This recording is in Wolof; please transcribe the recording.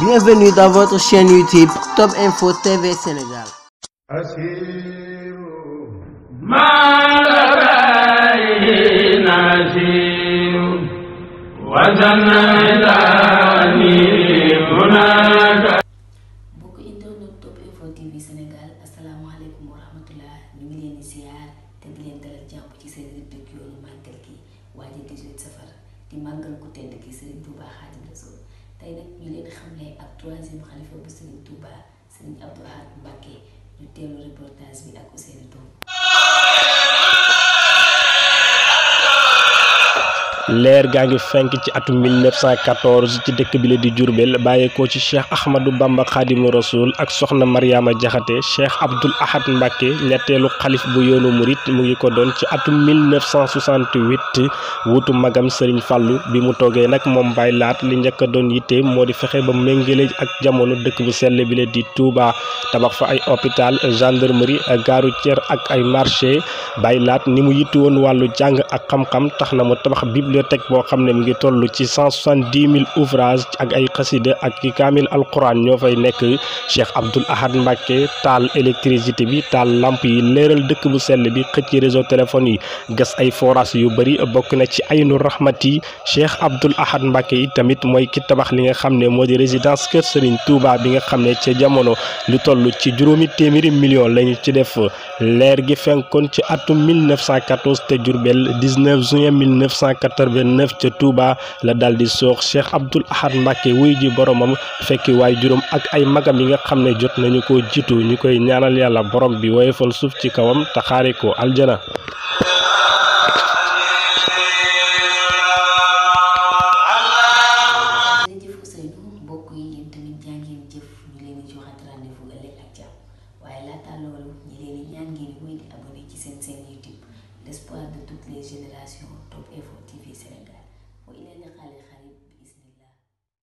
Bienvenue dans votre chaîne YouTube Top Info TV Sénégal. mbokk internet Top Info TV Sénégal asalaamaaleykum wa rahmatullah ñu ngi leen di ziar te di leen dalal jàpp ci seen rubrique yoonu màggal gi waaye 18 tey nag ñu leen xamle ak troisième xalifa bu Serigne Touba Serigne Abdou Ahad Mbacké ñu teelu reportage bi ak Ousseynou Tom leer gaa ngi fenk ci atum 1914 ci dëkk bi la di Jurbel bàyyeekoo ci cheikh Ahmadou Bamba Xaadimu Rasuul ak soxna Mariama Jaxate cheikh Abdoul Ahad Mbacke ñetteelu xalif bu yoonu murit mu ngi ko doon ci atum 1968 wuutu magam Serigne Fallou bi mu toogee nag moom Baay Laat li njëkk doon yittee moo di fexe ba méngale ak jamono dëkk bu sell bi la di Touba tabax fa ay hôpital gendarmerie gaaru Thier ak ay marché Baay Laat ni mu yitti woon wàllu jàng ak xam-xam tax na mu tabax bibliothèque boo xam ne mi ngi toll ci cent soixante dix mille ouvrages ak ay xasida ak i kaamil alquran ñoo fay nekk Cheikh Abdoul Ahad Mbacke taal électricité bi taal lamp yi leeral dëkk bu sell bi xëcc réseau téléphone yi gas ay forage yu bëri bokk na ci aynu rahmati Cheikh Abdoul Ahad Mbacke yi tamit mooy ki tabax li nga xam ne moo di résidence Kër Serigne Touba bi nga xam ne ca jamono lu toll ci juróomi téeméeri million lañu ci def leer gi fenkoon ci atum te Diourbel 19 89 ca Touba la daldi soo soox Cheikh Ahad Mbacke wuy ji boroomam fekki waay juróom ak ay magam yi nga xam ne jot nañu ko jiitu ñu koy ñaanal yàlla borom bi woyofal suuf ci kawam taxaare ko aljana waaye l'espoir de toutes les générations, Top et